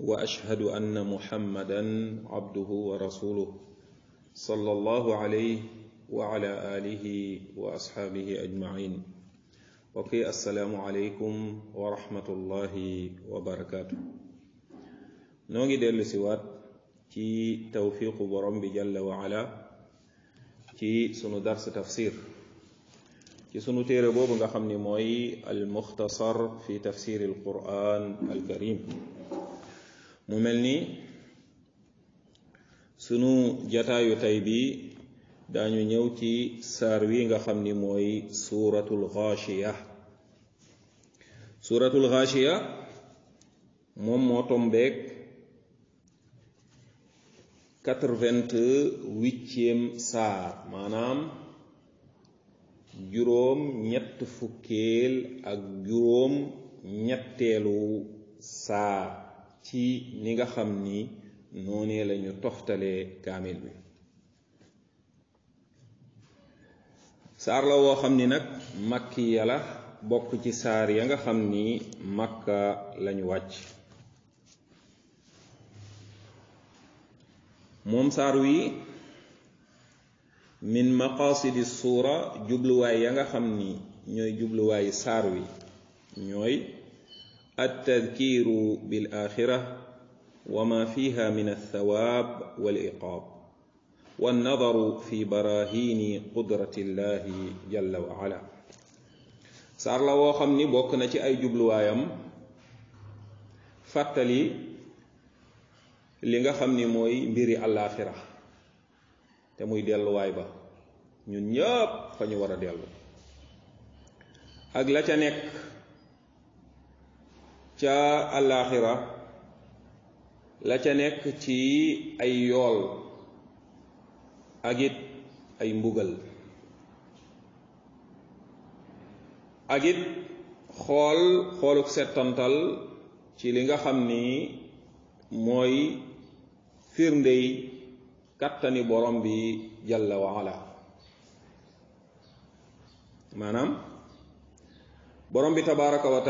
واشهد ان محمدا عبده ورسوله صلى الله عليه وعلى اله واصحابه اجمعين وقي السلام عليكم ورحمه الله وبركاته نوغي ديلو سيوات كي توفيق برم جل وعلا كي سنو درس تفسير كي سنو تيري بوبو nga موي المختصر في تفسير القران الكريم mu mel ni sunu jataayu tey bi dañu ñëw ci saar wi nga xam ni mooy suuratul xaashiya suuratul xaashiya moom moo tombeek quatre vingt saar maanaam juróom ñett fukkeel ak juróom ñetteelu saar ci ni nga xam ni noonee la ñu toftalee kaamil bi saar la woo xam ni nag makki yala bokk ci saar ya nga xam ni makka lañu wàcc moom saar wi min maqasidi suura jubluwaay ya nga xam ni ñooy jubluwaayi saar wi ñooy التذكير بالاخره وما فيها من الثواب والعقاب والنظر في براهين قدره الله جل وعلا صار لا و بوكنا سي اي جوبلو وايام فاتلي ليغا خامني موي ميري الاخره تموي muy delu way ba ñun ñëpp fa ñu ca àllaaxira la ca nekk ci ay yool ak ay mbugal ak xool xooluk settantal ci li nga xam ni mooy firndey kàttani borom bi jalla waala maanaam borom bi tabaraka wa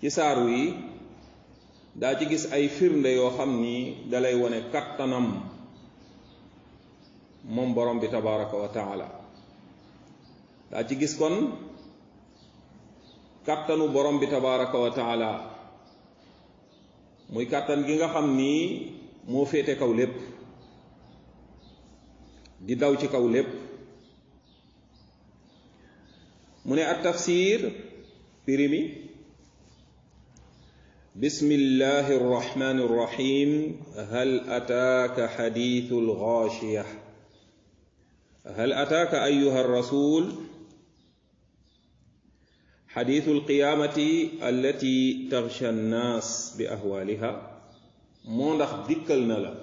ci saar wi daa ci gis ay firnde yoo xam ni dalay wone kattanam moom borom bi tabaraka wa taala daa ci gis kon kattanu borom bi tabaraka wa taala muy kattan gi nga xam ni moo féete kaw lépp di daw ci kaw lépp mu ne ak tafsir firi mi بسم الله الرحمن الرحيم هل أتاك حديث الغاشية هل أتاك أيها الرسول حديث القيامة التي تغشى الناس بأهوالها موندخ ذكر نلا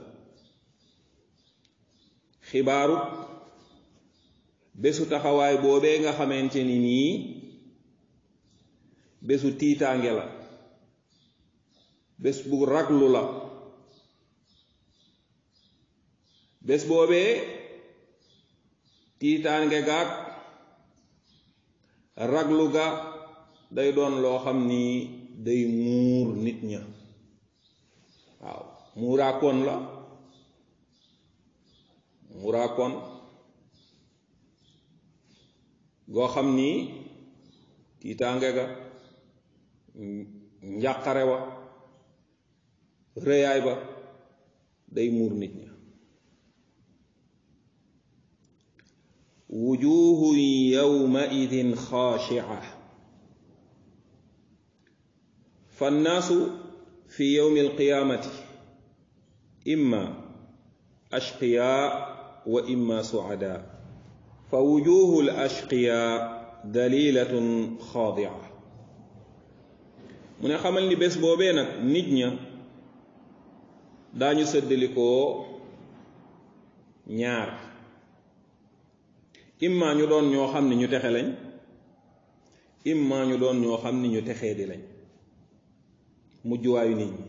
خبار بسو تخواي بوبيغا nga بس ni bés bu raglu la bés boobee tiitaange gaag raglu ga day doon loo xam ni day muur nit ña waaw muuraakoon la muraakoon goo xam ni tiitaange ga njàqare wa رياي با داي مور نيت وجوه يومئذ خاشعه فالناس في يوم القيامه اما اشقياء واما سعداء فوجوه الاشقياء دليله خاضعه من خمل بس بوبينك نجنه dañu seddeli ko ñaar imma ñu doon ñoo xam ni ñu texe lañ imma ñu doon ñoo xam ni ñu texee di lañ mujjuwaayu nit ñi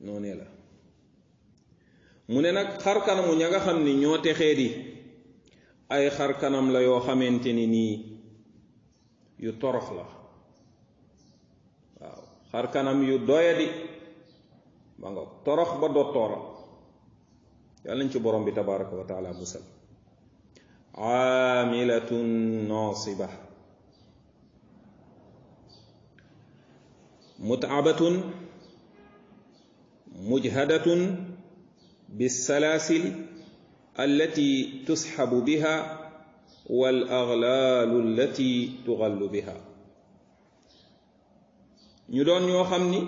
noonee la mu ne nag xarkanamu ña nga xam ni ñoo texee di ay xarkanam la yoo xamante ni nii yu torox la waaw xarkanam yu doya di ma nga torox ba dottoora yàlla nañ ci borom bi tabaraka wa taala musal aamilatun nasiba mutaabatun mujhadatun بالسلاسل التي تسحب بها والأغلال التي تغل بها ñu doon ñoo xam ni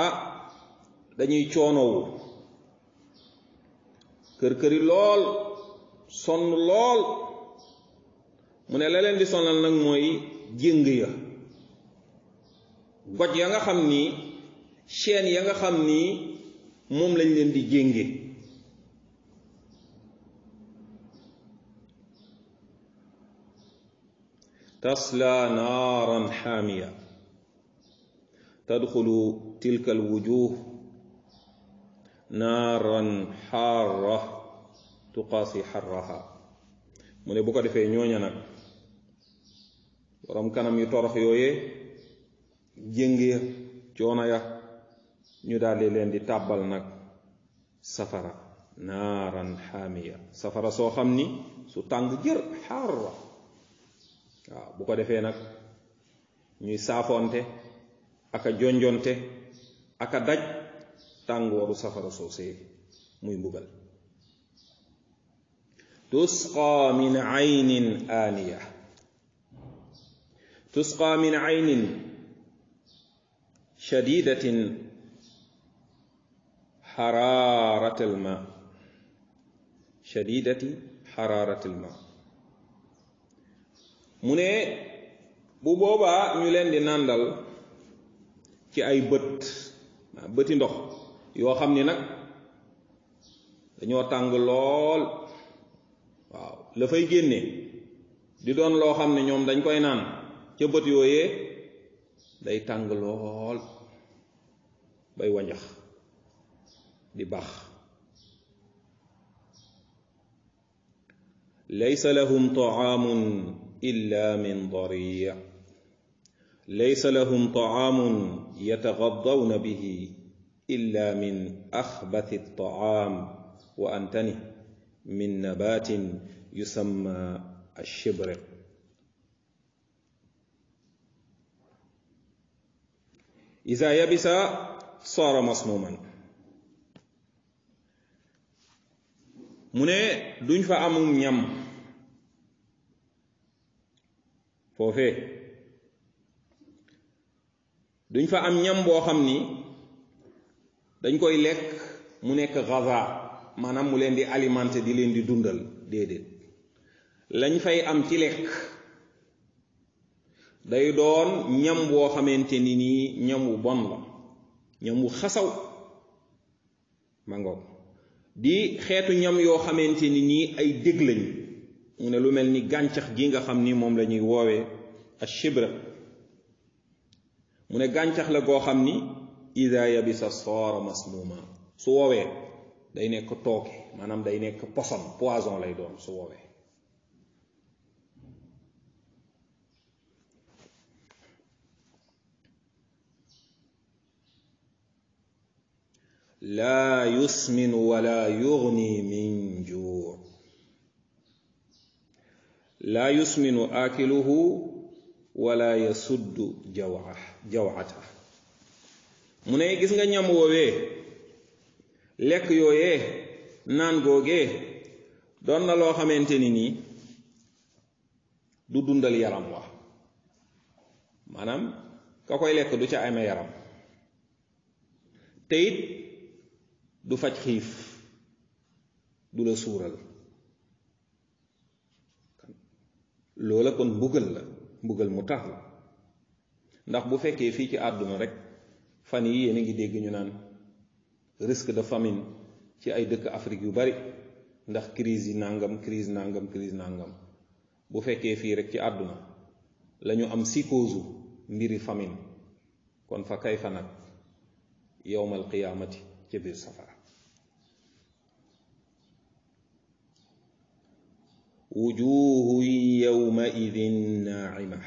ah dañuy coonowu kër-këri lool sonn lool mu ne la leen di sonal nag mooy jéng ya goj ya nga xam ni chaîne ya nga xam ni moom lañ leen di jénge tasla naaran xaamiya tadxulu tilka alwujuh naaran xaara tuqaasi xarraha mu ne bu ko defee ñooña nag borom kanam yu torox yooye jëngee coono ya ñu daldi leen di tàbbal nag safara naaran xaamiya safara soo xam ni su tàng jër xarra waaw bu ko defee nag ñuy saafoonte aka jonjonte aka daj tangooru safara soosee muy mbugal تسقى من عين آنية تسقى من عين شديدة حرارة الماء شديدة حرارة الماء من بوبوبا نيلن دي ناندال ci ay bët bëti ndox yoo xam ni nag dañoo tàng lool waaw la fay génne di doon loo xam ne ñoom dañ koy naan ca bët yooyee day tàng lool bay wañax di baax laysa lahum taamun illa min darii ليس لهم طعام يتغضون به إلا من أخبث الطعام وأنتنه من نبات يسمى الشبرق إذا يبس صار مسموما mu ne duñ fa amum ñam foofee duñ fa am ñam woo xam ni dañ koy lekk mu nekk gaza maanaam mu leen di alimenté di leen di dundal déedéet lañ fay am ci lekk day doon ñam woo xamante ni nii ñam wu bon la ñam wu xasaw ma ngoog di xeetu ñam yoo xamante ni nii ay dég lañ mu ne lu mel ni gàncax gi nga xam ni moom lañuy woowe woowee ak chibra mu ne gàncax la goo xam ni ida yabisa saara masluma su woowee day nekk tooke maanaam day nekk poison poison lay doon su woowee لا يسمن ولا يغني من جوع لا يسمن آكله wala yasuddu jawa jawata mu ne gis nga ñam woowee lekk yooyee naan googee doon na loo xamante ni nii du dundal yaram wa maanaam ka koy lekk du ca amee yaram te du faj xiif du la suural loola kon mbugal la mbugal mu tax la ndax bu fekkee fii ci àdduna rek fan yi yéen ngi dégg ñu naan risque de famine ci ay dëkk Afrique yu bari ndax crise yi nàngam crise nàngam crise nàngam bu fekkee fii rek ci àdduna lañu am si cause mbiri famine kon fa kay fa nag yowmal qiyaamati ca biir safara وجوه يومئذ ناعمة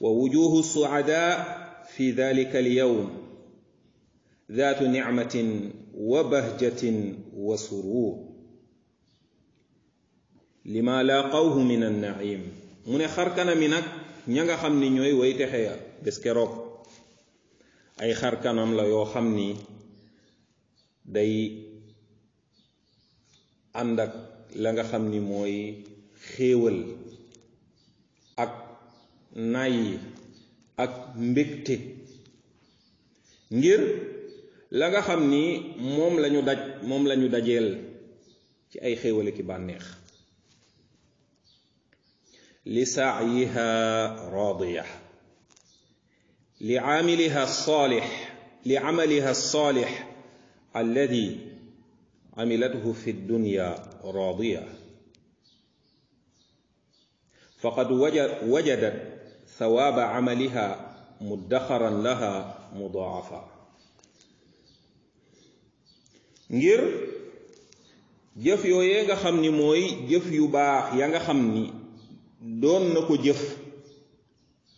ووجوه السعداء في ذلك اليوم ذات نعمة وبهجة وسرور لما لاقوه من النعيم من خركنا منك نيغا خامني ni ñooy تخيا texe ya bés keroog ay xar kanam la yoo la nga xam ni mooy xéewal ak nay ak mbégte ngir la nga xam ni moom la ñu daj moom la ñu dajeel ci ay xéewale ki bànneex li saayiha raadiya li aamiliha saalix li amaliha saalix alladi amilathu fi dunya راضية فقد وجدت ثواب عملها مدخرا لها مضاعفا ngir jëf yooyee nga xam ni mooy jëf yu baax ya nga xam ni doon na ko jëf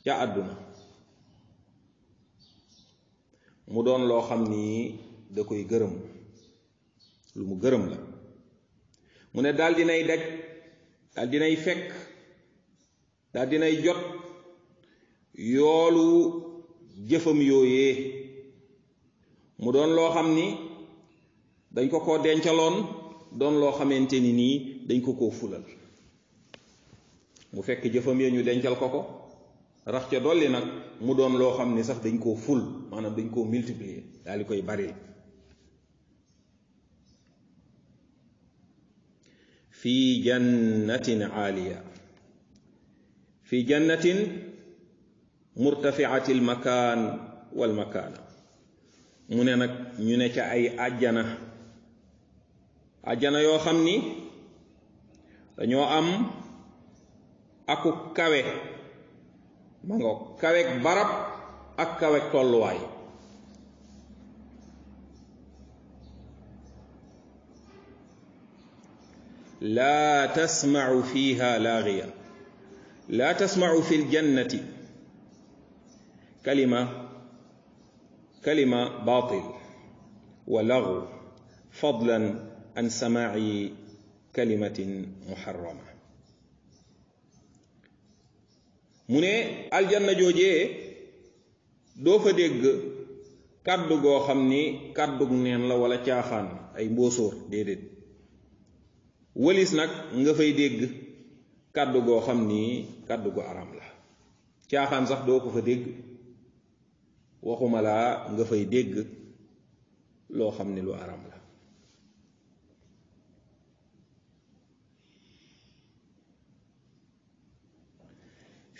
ca àdduna mu doon loo xam ni da koy gërëm lu mu gërëm la mu ne daal dinay daj daal dinay fekk daal dinay jot yoolu jëfam yooyee mu doon loo xam ni dañ ko koo dencaloon doon loo xamante ni nii dañ ko koo fulal mu fekk jëfam ya ñu dencal ko ko rax ca dolli nag mu doon loo xam ni sax dañ koo ful maanaam dañ koo multiplier daal di koy bari في جنة عالية في جنة مرتفعة المكان والمكان منك منك أي أجنة أجنة يو خمني دانيو أم أكو كوي مانغو كوي برب أكو كوي لا تسمع فيها لاغية لا تسمع في الجنة كلمة كلمة باطل ولغو فضلا عن سماع كلمة محرمة من الجنة جوجي دوفا ديغ كادو غو خامني كادو نين لا ولا تياخان اي مبوسور ديديت wëlis nag nga fay dégg kàddu goo xam ni kàddu gu aram la caaxaan sax doo ko fa dégg waxuma la nga fay dégg loo xam ni lu aram la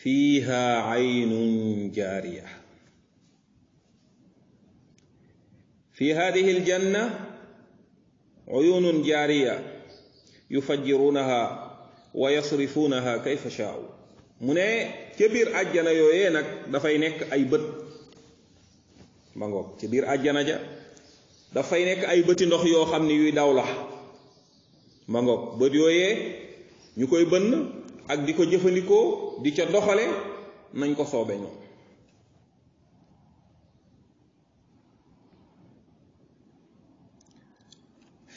فيها عين جارية في هذه الجنة عيون جارية yu yufajjirunaha wa yasrifunaha kayfa shaa'u mu ne ca biir àjjana yooye nag dafay nekk ay bët ma ngoog ca biir àjjana ja dafay nekk ay bëti ndox yoo xam ne yuy daw la ma bët yooyee ñu koy bënn ak di ko jëfandikoo di ca doxale nañ ko soobe ñoom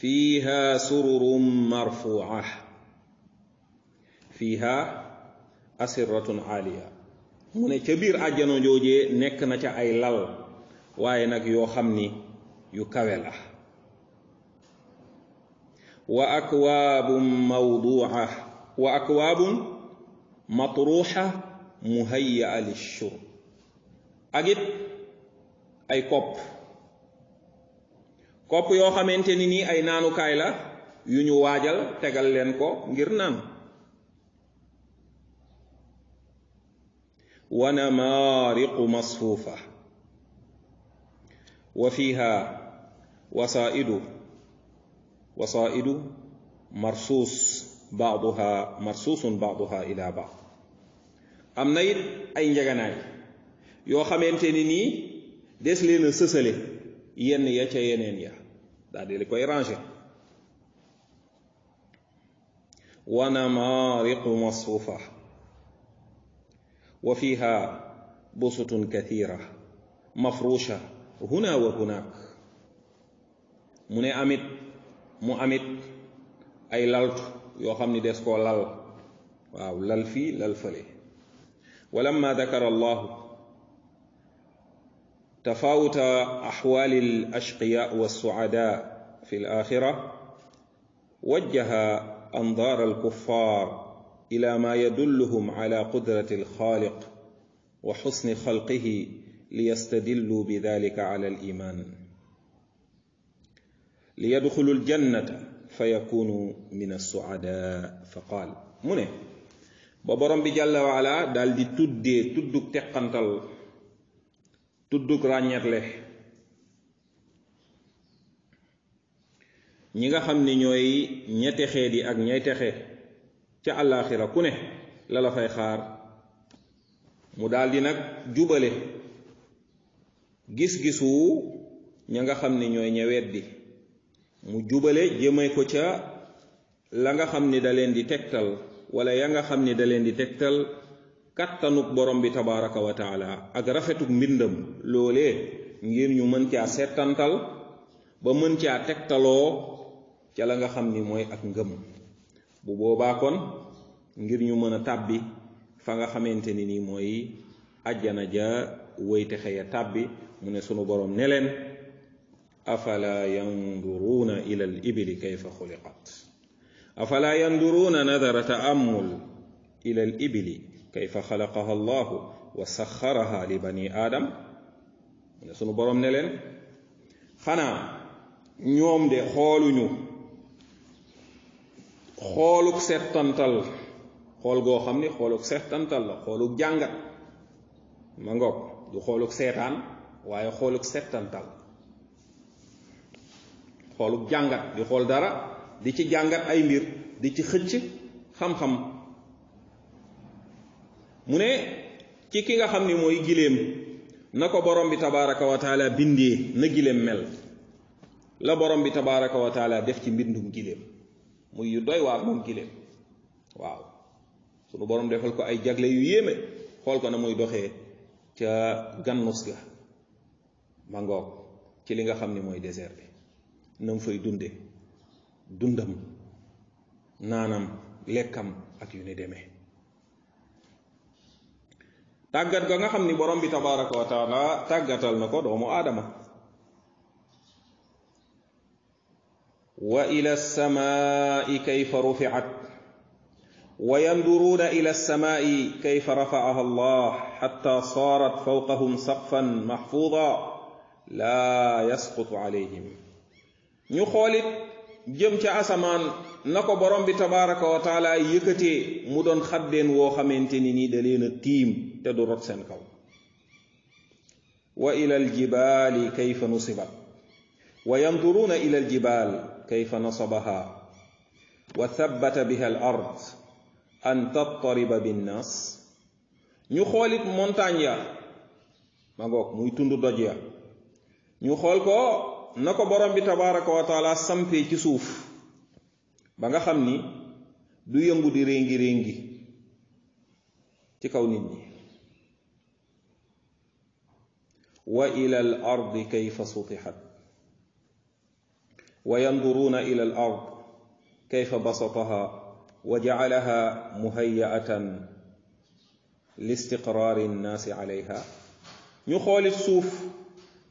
فيها سرر مرفوعة فيها أسرة عالية mu ne ca biir àjjana joojee nekk na ca ay lal waaye nag yoo xam ni yu kawe la wa akwaabun mawduuca wa akwaabun matruuxa muhayyaa lilshurb ak it ay kopp kopp yoo xamante ni nii ay naanukaay la yu ñu waajal tegal leen ko ngir naan wa namaariqu masfuufa wa fiha wasaidu wasaidu marsuus baaduha marsuusun baad am na it ay njeganaay yoo xamante ni nii des leen a sësale yen ya ca yeneen ya daal di koy ranger wa namaariqu masfufa wa fiha busutun kathira mafrusha huna wa hunak mu ne amit mu amit ay laltu yoo xam ni des koo lal waaw lal fii lal fële walamma dakara allahu تفاوت أحوال الأشقياء والسعداء في الآخرة وجه أنظار الكفار إلى ما يدلهم على قدرة الخالق وحسن خلقه ليستدلوا بذلك على الإيمان ليدخلوا الجنة فيكونوا من السعداء فقال منه ببرم بجل وعلا دال دي تدي تدك تقنتل tuddug ràññetle ñi nga xam ni ñooy ñetti xeet yi ak ñay texe ca àllaaxira ku ne la fay xaar mu daldi nag jubale gis-gisu ña nga xam ni ñooy ñewet bi mu jubale jëme ko ca la nga xam ni da leen di tegtal wala ya nga xam ni da leen di tegtal kattanuk borom bi tabaraka wa taala ak rafetuk mbindam loolee ngir ñu mën caa settantal ba mën caa tegtaloo ca la nga xam ni mooy ak ngëm bu boobaa kon ngir ñu mën a tàbbi fa nga xamante ni nii mooy ajjana ja waytexe ya tàbbi mu ne sunu borom ne leen afala yanduruuna ila al ibili kayfa xuliqat afala yanduruuna nadara ta'ammul ila al ibili kayfa xalaqaha allahu wa saxaraha li bani aadam ne sunu borom ne leen xanaa ñoom de xooluñu xooluk settantal xool goo xam ni xooluk settantal la xooluk jàngat ma ngoog du xooluk seetaan waaye xooluk settantal xooluk jàngat di xool dara di ci jàngat ay mbir di ci xëcc xam-xam mu ne ci ki nga xam ni mooy gileem na ko borom bi tabaraka wa taala bindee na gileem mel la borom bi tabaraka wa taala def ci mbindum gileem muy yu doy waar moom gileem waaw sunu borom defal ko ay jagle yu yéeme xool ko na muy doxee ca gannus ga ma ngoog ci li nga xam ni mooy désert bi na mu fay dunde dundam naanam lekkam ak yu ni demee tagat ga nga xamni borom bi tabaraka wa taala tagatal nako ko doomu adama wa ila as-samaa'i kayfa rufiat wa yanduruuna ila as-samaa'i kayfa rafaaha allah hatta saarat fawqahum saqfan maxfuuda la yasqutu alayhim ñu xolit jëm ca asamaan na ko borom bi tabaraka wa taala yëkkatee mu doon xaddeen woo xamante ni nii da leen a tiim te du rot seen kaw wa ila aljibaali kayfa nusibat wa yanduruuna ila aljibaal kayfa nasabaha wa thabbata biha al ard an tattariba binnaas ñu xoolit montagne ya ma ngoog muy tund doj ya ñu xool ko na ko borom bi tabaraka wa taala sampee ci suuf ba nga xam ni du yëngu di réngi réngi ci kaw nit ñi wa ila al ardi kayfa sutihat wa yanzuruna ila al ard kayfa basataha wa ja'alaha muhayya'atan لاستقرار الناس عليها ñu xoolit suuf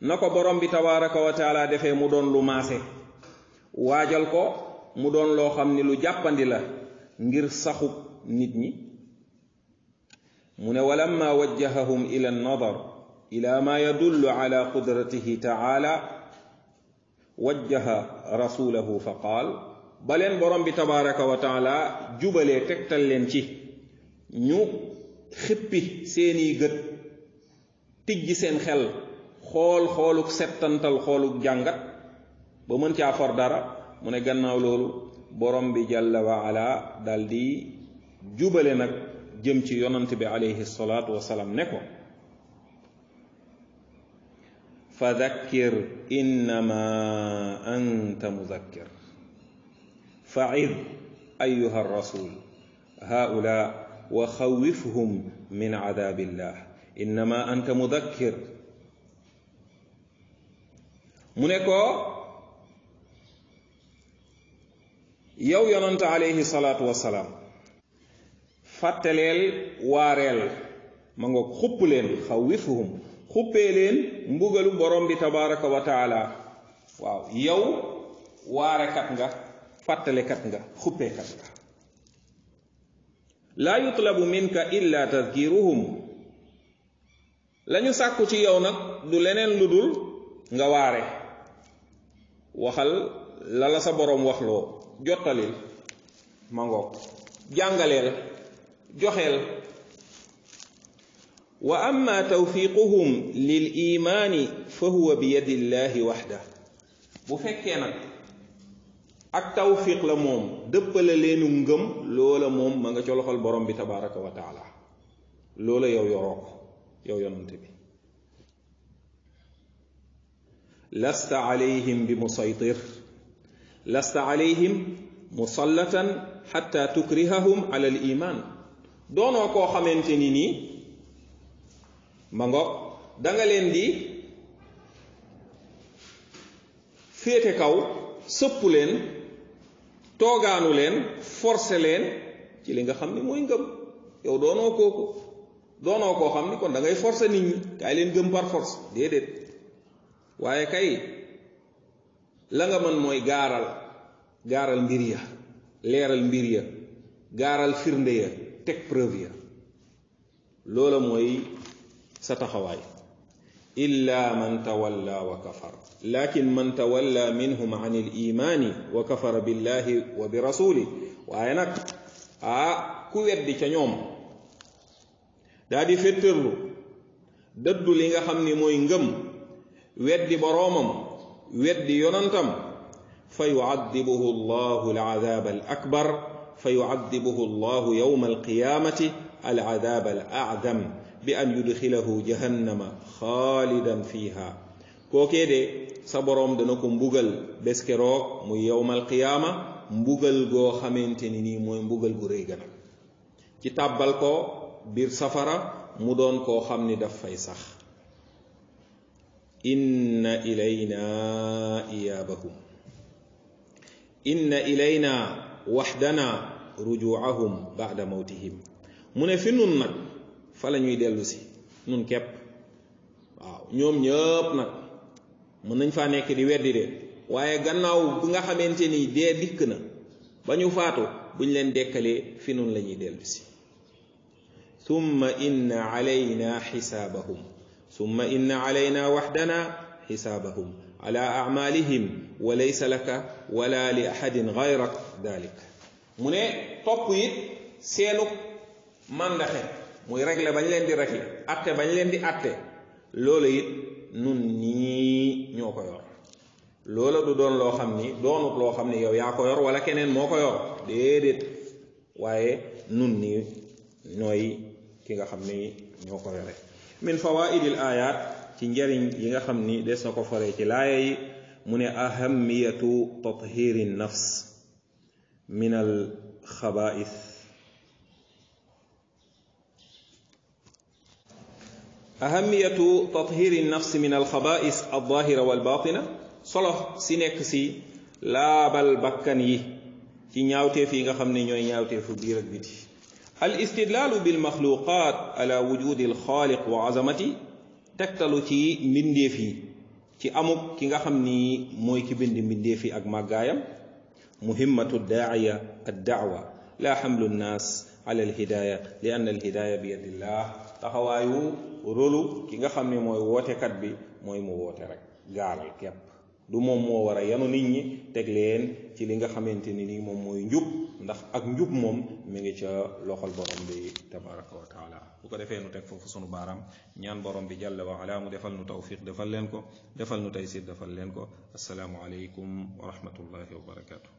nako borom bi tabaraka wa taala defee mu doon lu maase waajal ko mu doon loo xam ni lu jàppandi la ngir saxu nit ñi mu ne walamma wajjahahum ila annadar ila ma yadullu ala qudratihi taala wajjaha rasulahu fa qaal ba leen borom bi tabaraka wa taala jubalee tegtal leen ci ñu xippi seeni gët tijji seen xel xool xooluk settantal xooluk jàngat ba mën caa for dara mu ne gannaaw loolu borom bi jàlla wa ala dal di jubale nag jëm ci yonant bi alayhi salaatu wasalaam ne ko فذكر إنما أنت مذكر فعظ أيها الرسول هؤلاء وخوفهم من عذاب الله إنما أنت مذكر mu ne ko yow yonant alayhi salaatu wasalaam fàttaleel waareel ma nga xupp leen xawwifuhum xuppee leen mbugalu borom bi tabaraka wa taala waaw yow waarekat nga fàttalekat nga xuppeekat nga laa yutlabu minka illa tadkiruhum lañu sàkku ci yow nag du leneen lu dul nga waare waxal la la sa borom waxloo jottalil ma ngoog jàngaleel joxeel wa amma tawfiquhum lil imaani fa huwa bi yadillahi waxda bu fekkee nag ak tawfiq la moom dëppale leenu ngëm loola moom ma nga ca loxol borom bi tabaraka wa taala loola yow yoroo ko yow yonante bi لست عليهم بمسيطر لست عليهم مسلطا حتى تكرههم على الإيمان دونو كو خامتيني ني مانغو داغا لين دي فيتي كاو سوبولين توغانو لين فورس لين ci li nga xam ni mooy ngëm yow doonoo kooku doonoo koo xam فورسي نيت ني ngay لين nit بار فورس ديديت gëm waye kay la nga man moy garal garal mbir ya leral mbir ya garal firnde tek preuve lola moy sa taxaway إلا من تولى وكفر لكن من تولى منهم عن الإيمان وكفر بالله وبرسوله وأينك آه كوير دي كنيوم دادي فتر دادو لنغا خمني موي weddi boroomam weddi yonantam fa yuaddibuhu allahu aladaaba al akbar fa yuaddibuhu allahu yowma alqiyaamati aladaaba al acdam bi an yudxilahu jahannama xaalidan fiha kookee de sa boroom dana ko mbugal bés keroog muy yowmal qiyaama mbugal goo xamante ni nii mooy mbugal gu rëy ga nag ci tàbbal ko biir safara mu doon koo xam ni daf fay sax inna ilayna iyaabahum inna ilayna waxdana rujuuahum baada mawtihim mu ne fi nun nag fa la ñuy dellu si nun képp waaw ñoom ñëpp nag mën nañ faa nekk di weddi de waaye gannaaw bu nga xamante ni dee dikk na ba ñu faatu buñ leen dekkalee fi nun lañuy dellusi dellu si thumma xisaabahum ثم إن علينا وحدنا حسابهم على أعمالهم وليس لك ولا لأحد غيرك ذلك من توقي سيلو من دخل موي رجل بني لين دي رجل أتى بني لين دي أتى لولي نون ني يور لولا دو دون لو خامني دونو لو خامني يو ياكو يور ولا كينين موكو يور ديديت واي نون ني نوي كيغا خامني نيوكو يور من فوائد الآيات تنجرين يغا خمني ديس نكو فري من أهمية تطهير النفس من الخبائث أهمية تطهير النفس من الخبائث الظاهرة والباطنة صلح سينكسي لا بل بكني في نياوتي في غخمني نيو نياوتي في بيرك بيتي الاستدلال بالمخلوقات على وجود الخالق وعظمته تكتلو تي منديفي تي اموك كيغا خامني موي كي بند منديفي اك ماغايام مهمه الداعيه الدعوه لا حمل الناس على الهدايه لان الهدايه بيد الله تخوايو رولو كيغا خامني موي ووتي بي موي مو ووتي رك كيب du moom moo war a yanu nit ñi teg leen ci li nga xamante ni nii moom mooy njub ndax ak njub moom mu ngi ca loxol borom bi tabaraka wa taala bu ko defee nu teg foofu sunu baaraam ñaan boroom bi jàlla wa ala mu defal nu tawfiq defal leen ko defal nu taysir defal leen ko asalaamu aleykum wa rahmatullahi wa barakatu